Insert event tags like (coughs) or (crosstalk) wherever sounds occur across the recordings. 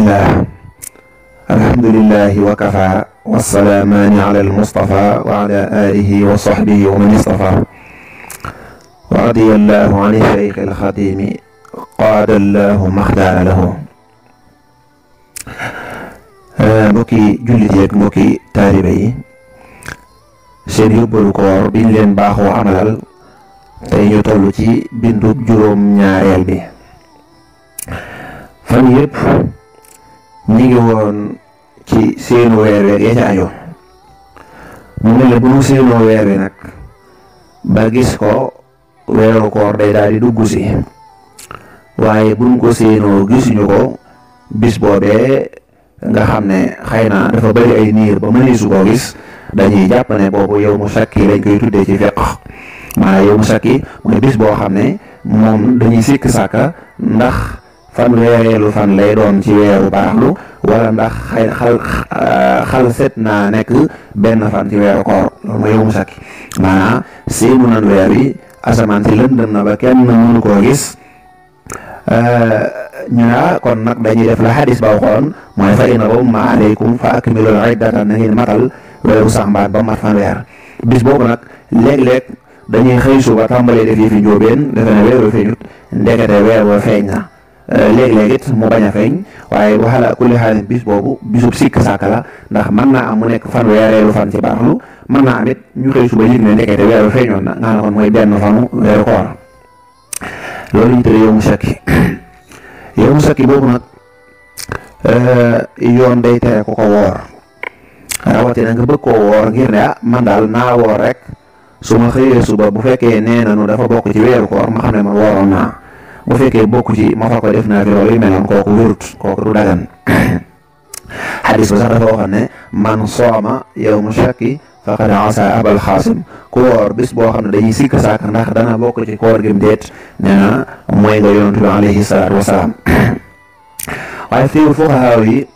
الله الحمد لله وكفى والسلامان على المصطفى وعلى آله وصحبه ومن اصطفى ورضي الله عن الشيخ الخديم قاد الله ما اختار له mbokki jullit yeeg mbokki taalibe yi seen yóbbalu koor biñ leen baaxoo amalal tey ñu toll ci bindu juróom ñaareel bi fan yépp ñu ngi woon ci seenu weer weeg ya ca aju mu ne la bu nu seenoo weer wi nag ba gis ko weeru koor day daal di dugg si waaye buñ ko seenoo gisuñu ko bis boobee nga xam ne xëy na dafa bari ay niir ba mëneesu koo gis dañuy jàpp ne boobu yow mu sakki dañ koy tuddee ci fiq maanaam yow mu sakki mooy bis boo xam ne moom dañuy sikk sàkka ndax fanweereelu fan lay doon ci weeru lu wala ndax xay xal xal set naa nekk benn fan ci weeru koor loolu mooy yow mu sakki maanaam séenu nan weer wi asamaan si lëndëm na ba kenn mënu koo gis euh, ñu naa ah, kon nag dañuy def la xadis ba waxoon mooy fa in ghumma aleykum fa akmilul iddata na ngeen matal weeru saxmbaat ba mat fanweer bis boobu nag léeg-léeg dañuy xëy suba tàmbalee def yi fi njóobeen defe ne weeru feeñut ndekete weer wa feeñ na leg leget mo baña bañ waye bu waaye kulli xaalis bis bobu bisub sik sàkk la ndax man na am nek fan wéré lu fan ci baaxlu man na amit ñu xey suba yëg ne ndekete weer wi feeñoon na nga na ne kon mooy benn fanu weeru koor loolu ñu tëddee yow musaki (coughs) yow musaki bobu nak euh yoon day tere ko ko wor rawati nga bëgg ko wor ngir ne ah, man dal na wor rek suma ma xëyee suba bu fekkee nee na nu dafa bokk ci weeru ko ma xam ma woro na bu fekkee bokku ci ma fa ko def naa fi loolu yu mel kooku wérut kooku du dagan (coughs) xadis ba sax dafa waxoon ne man sooma yow mu shakki faqad asa abal xaasim ku woor bis boo xam ne dañuy sikk sàkk ndax dana bokk ci koor gi mu déet nee mooy nga yonantu bi alayhi salaatu wasalaam (coughs) waaye fiiwul fuqahaa yi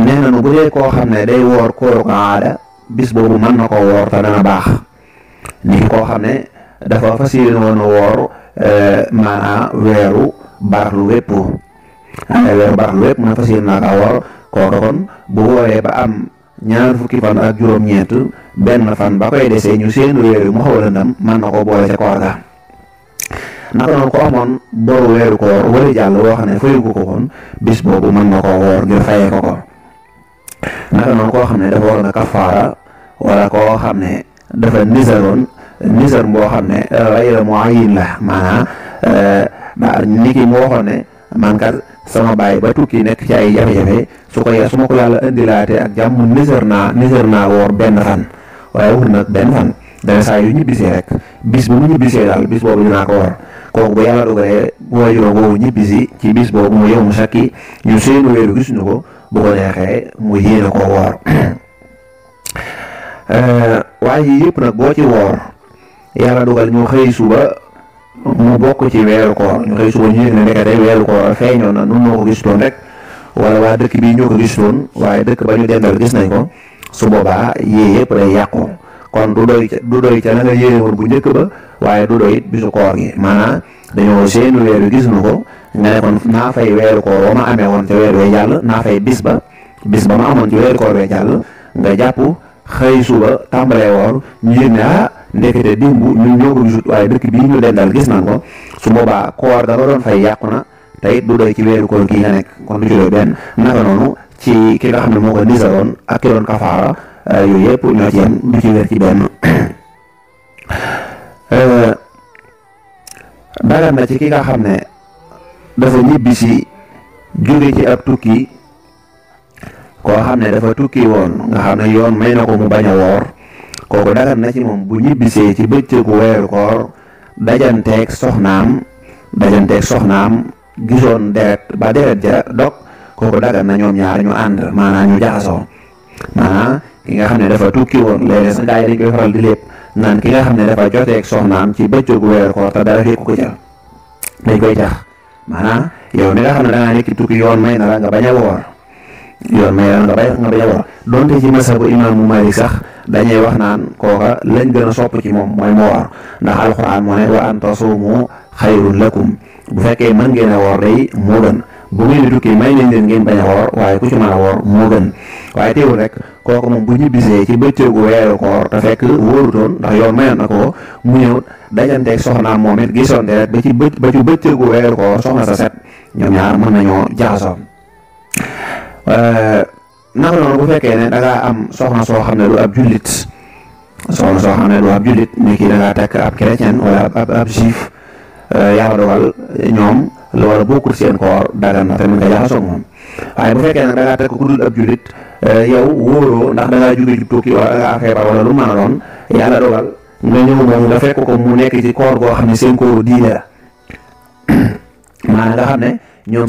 nee nañu bu dee koo xam ne day woor kóoru ko aada bis boobu mën na ko woor te dana baax ni koo xam ne dafa fas yéene woor Eh, maanaa weeru baraxlu wépp xanaa weeru baraxlu wépp mën a fas yéene naa kaa woor kooka kon bu wooree ba am ñaar fukki fan ak juróom-ñeent benn fan ba koy desee ñu seen weer yu mu xaw a lëndam mën na ko boole ca koor ga naka noonu ko amoon boru weeru koor wala jàll woo xam ne fayu ko ko woon bis boobu mën na koo woor ngir fayee ko ko naka noonu koo xam ne dafa waroon a kafaara wala koo xam ne dafa nisaroon misar boo xam ne euh, ghayra muayyin la maanaam daa euh, ni ki moo waxoon ne man kat sama baay ba tukki nekk ci ay jafe su ko su ma ko yàlla indilaate ak jàmm nisar naa nisar naa woor benn fan waaye wut nag benn fan dana saa yu ñibbisee rek bis bu mu ñibbisee daal bis boobu dinaa ko woor kooku bu yàlla dogalee waajuram woowu ñibbisi ci bis boobu mu yow mu sakki ñu seenu weeru gisuñu ko bu ko neexee mu yéene ko woor (coughs) euh, waaye yëpp nag boo ci woor yàlla dugal ñu xëy suba mu bokk ci weeru koor ñu xëy suba ñu yëg ne ndekete weeru koor feeñoon na nun noo ko gistoon rek wala waa dëkk bii ñoo ko gistoon waaye dëkk ba ñu dendal gis nañ ko su boobaa yee yëpp day yàqu kon du doy ca du doy ca na nga woon bu njëkk ba waaye du doy bisu koor gi maanaam dañoo seenu weer wi gis nu ko nga ne kon naa fay weeru koor wa ma amee woon ca weer wee jàll naa fay bis ba bis ba ma amoon ci weeru koor wee jàll nga jàpp ndekete démb ñun ñoo ko gisut waaye dëkk bii ñu dendal gis nañ ko su boobaa koor da nga doon fay yàqu na te it du doy ci weeru koor gii nga nekk kon du ci ci ki nga xam moo ko nisaroon ak ki doon kafaara euh, yooyu yëpp ñoo ci wér ci benn (coughs) euh, dagan na ci ki nga xam ne dafa ñibbi si jóge ci ab tukki koo xam ne dafa tukki woon nga xam ne yoon may na ko mu bañ a woor kooku dagan na ci moom bu ñibbisee ci bëccëgu weeru koor dajanteeg soxnaam dajanteeg soxnaam gisoon deret ba deret ja dog kooku dagan na ñoom ñaar ñu ànd maanaam ñu jaxasoo maanaam ki nga xam ne dafa tukki woon léeg sa gars yi koy faral di lépp naan ki nga xam ne dafa joteeg soxnaam ci bëccëgu weeru koor te dara fekk ko jël dañ koy jax maanaam yow mi nga xam ne da ngaa nekk tukki yoon may na la nga bañ a woor yoon na yàlla nga bay nga bay war donte ci masabu imaamu Malik sax dañuy wax naan kooka lañ gën a sopp ci moom mooy moo war ndax alxuraan moo ne wa an tasuumu xayrun lakum bu fekkee mën ngeen a woor day moo gën bu ngeen di tukki may nañ leen ngeen bañ a waaye ku ci mën a woor moo gën waaye teewul rek kooku moom bu ñibbisee ci bëccëgu weeru koor te fekk wóorutoon ndax yoon mayoon na ko mu ñëw dajanteeg soxnaam moom it gisoonte rek ba ci bë ci bëccëgu weeru koor soxna sa set ñoom ñaar mën nañoo jaxasoon Eh, naka noonu bu fekkee ne da am soxna soo xam ne du ab jullit soxna soo xam ne du ab jullit ni kii da takk ab chrétien wala ab ab juif eh, yàlla dogal ñoom lu war a bokkul seen koor dagan na tamit nga jaxasoo moom waaye bu fekkee nag da ngaa takk ku dul ab jullit eh, yow wóoroo ndax da ngaa jub tukki wala da ngaa feebar wala lu mën a doon yàlla dogal nga ñëw moom nga fekk ko mu nekk ci koor goo xam ne seen kooru diine la (coughs) nga xam ne ñoom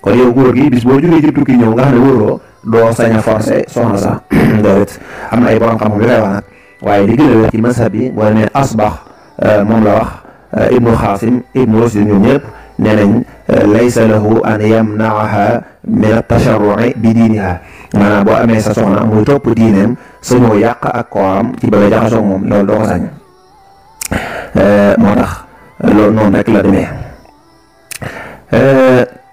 kon yow góor gi bis boo jógee ci tukki ñëw nga xam ne wóoroo doo sañ a soxna sax (clears throat) doo am na ay borom xam-xam yu koy wax nag waaye li gën a ci mazhab bi mooy ne asbax euh, moom la wax euh, ibnu xaasim ibnu rusdi ñoom ñëpp nee nañ euh, laysa lahu an yamnaaha min at-tasharru'i bi diiniha maanaam boo amee sa soxna muy topp diineem sañoo yàq ak kooram ci bëgg jaxasoo moom loolu doo ko sañ moo tax loolu noonu rek la demee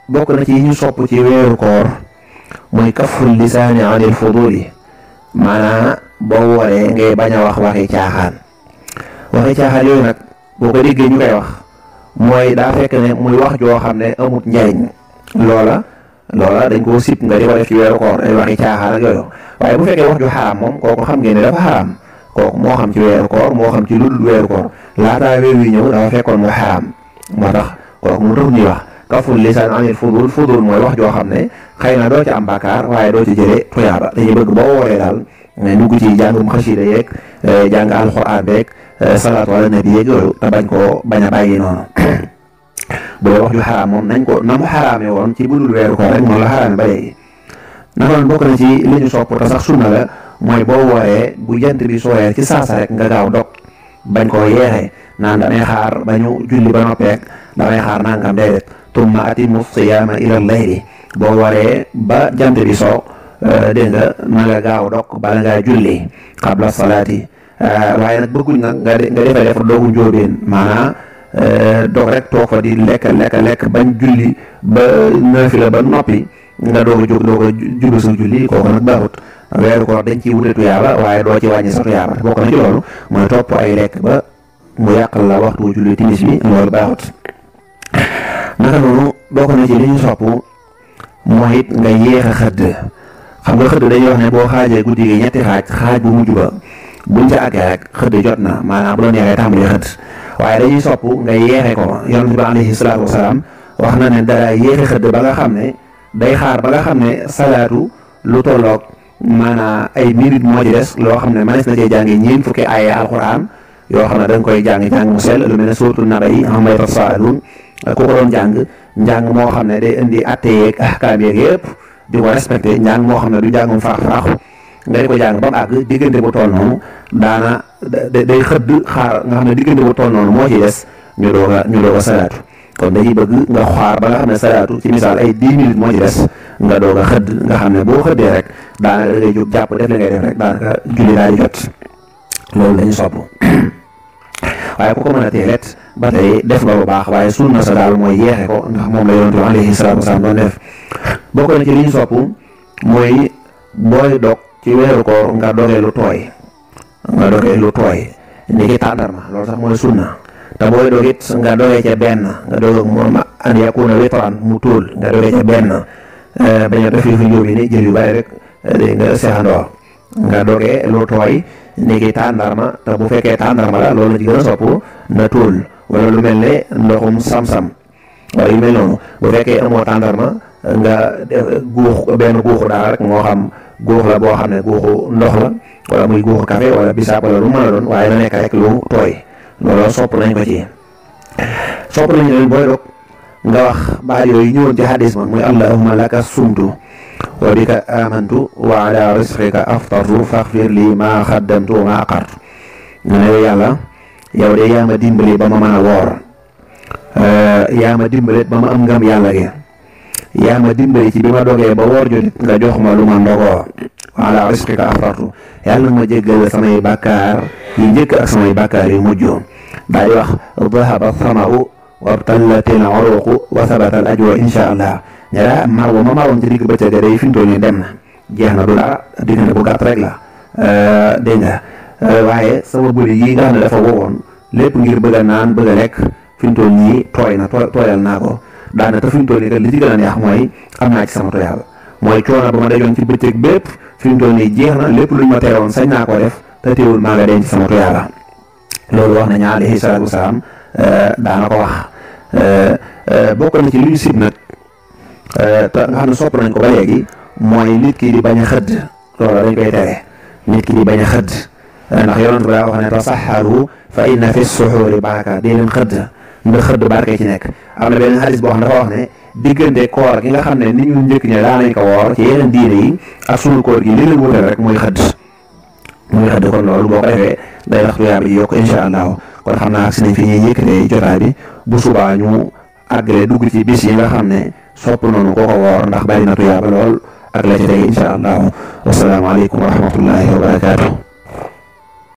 bokk na ci yi ñu sopp ci weeru koor mooy kaful lisaani anil fuduli maanaam boo waree ngay bañ a wax waxi caaxaan waxi caaxaan yooyu nag boo ko déggee ñu koy wax mooy daa fekk ne muy wax joo xam ne amut njariñ loola loola dañ koo sib nga di ko def ci weeru koor ay waxi caaxaan ak yooyu waaye bu fekkee wax ju xaraam moom kooku xam ngeen ne dafa xaraam kooku moo xam ci weeru koor moo xam ci lu dul weeru koor laataa weer wi ñëw dafa fekkoon mu xaraam moo tax kooku mu tax ñuy wax kaful lisaan anil fudul fudul mooy wax joo xam ne xay na doo ci am bàkkaar waaye doo ci jëlee tuyaaba dañuy bëgg boo wooree daal dugg ci jàngum xasida yeeg jàng alxuraan beeg salaat wala nabi yeeg yooyu te bañ koo bañ a bàyyi noonu bu dee wax ko na mu woon ci budul la ba léegi naka noonu bokk na ci li ñu mooy boo wooree bu jant bi sooyee ci saasa rek nga gaaw dog koo yeexee naan damay xaar ba ñu julli ba noppeek dafay xaar kam déedéet tumma atimu siyaama ila layli boo waree ba jant bi eh, denda naga nga ba nga bala ngaa julli kabla salati eh, waaye nak bëgguñ nga nga defa def doogu njóobeen maanaam eh, dog rek toog fa di lek lekk lek bañ julli ba naafila ba nopi nga doog a jóg doog a jublu sa julli kooku nak baaxut weeru koor dañ ciy wute tuyaaba waaye do ci wàññi sa tuyaaba bokk na ci loolu mooy topp ay lekk ba mu yàqal la waxtu julli timis bi loolu baaxut naka noonu bokk na ci li ñu sopp mooy it nga yéex a xëdd xam nga xëdd dañuy wax ne boo xaajee guddi gi ñetti xaaj xaaj bu mujj ba buñ ca àggee rek xëdd jot na maanaam bu la neexee tàmbali xëdd waaye dañuy sopp nga yeexe ko yonent bi alayhi salaatu wasalaam wax na ne dara yéexe xëdd ba nga xam ne day xaar ba nga xam ne salaatu lu tolloog maanaam ay minute moo ci des loo xam ne manees na cee jàngi ñeen fukki aaya alquran yoo xam ne dañ koy jàng jàng mu sell lu mel ne sootu naba yi am may tasaaluun ku ko doon jàng njàng moo xam ne day indi atte yeeg ahkaam yeeg yëpp di ko respecté njàng moo xam ne du njàngum faax-faaxu nga di ko jàng ba mu àgg diggante bu toll noonu daana day xëdd xaar nga xam ne diggante bu toll noonu moo ci des ñu doog a ñu doog a salaatu kon dañuy bëgg nga xaar ba nga xam ne salaatu ci misaal ay dix minutes moo ci des nga doog a xëdd nga xam ne boo xëddee rek daanaka da jàpp def li ngay def rek daanaka julli daal jot loolu lañu sopp waaye ku ko mën a teelet ba tey def nga bu baax waaye sunna sa daal mooy yeexe ko ndax moom la yonent bi alayhi salaatu wasalaam doon def bokk na ci li sopp mooy booy dog ci weeru koor nga dogee lu tooy nga dogee lu tooy loolu sax mooy sunna te booy dog it nga dogee ca benn nga dog moom an yakuna witran mu tóol nga dogee ca benn eh, bañ a def yu ni jël yu bari rek eh, dégg nga seexandoo nga dogee lu tooy ni tàndarma te bu fekkee tàndarma la loolu ci gën sopp na tóol wala lu mel ni ndoxum sam-sam wala yu mel noonu bu fekkee amoo tàndarma nga eh, guux benn guuxu daal rek moo xam guux la boo xam ne guuxu ndox la wala muy guuxu café wala bisaab lu mën a doon waaye na nekk rek lu tooy looloo sopp nañ ko ci sopp nañ leen booy dog nga wax baat yooyu ñëwoon ci xadis ma muy allahumma laka sumtu وبك آمنت وعلى رزقك أفطر فاغفر لي ما خدمت وما أقر من نعم يا الله يا ولي يا مدين بلي بما ما وار آه، يا مدين بلي بما أمغم يا الله يا مدين بلي بما دوغي بوار جو لا جوخ معلومة نغور وعلى رزقك أفطر يا الله ما جيجل سمي بكار يجيك سمي بكار يمجو بايوخ ذهب الثمأ وابتلت العروق وثبت الأجر إن شاء الله ñaara marwo ma marwoon ci digg bëccëg day fi mu toll nii dem na jeex na du dara diggante bu gàtt rek la euh, dégg nga euh, waaye sama bëri yi nga xam dafa wowoon lépp ngir bëgg a naan bëgg a lekk fi mu toll nii tooy na tooyal naa ko daana te fi mu toll nii li ci na a neex mooy am naa ci sama tooyal mooy coono ba ma dajoon ci bëccëg bépp fi mu toll nii jeex na lépp luñ ma teewoon sañ naa ko def te teewul maa nga denc sama tooyal loolu wax nañu alayhi salaatu wasalaam euh, daana ko lu Euh, te nga xam ne sopp nañ ko ba léegi mooy nit ki di bañ a xëdd loolu dañ koy tere nit ki di bañ a xëdd euh, ndax yonent bi daa wax ne tasaxaru fa inna fi suxuuri baraka dee leen xëdd ndax xëdd barke ci nekk am na benn xadis boo xam ne nga xam ne nit ñu njëkk ña daan nañ ko woor ci yeneen diine yi ak sunu koor gi li leen wutal rek muy xëdd muy xëdd kon loolu boo ko defee day tax tuyaab yi yokk incha allahu kon xam naa si nañ fi ñuy yëkkatee jotaay bi bu subaa ñu àggale dugg ci bis ne sopp noonu ko ko woor ndax bari na tuyaaba lool ak la ci tey incha allahu wasalaamaaleykum wa rahmatullahi wa barakaatu.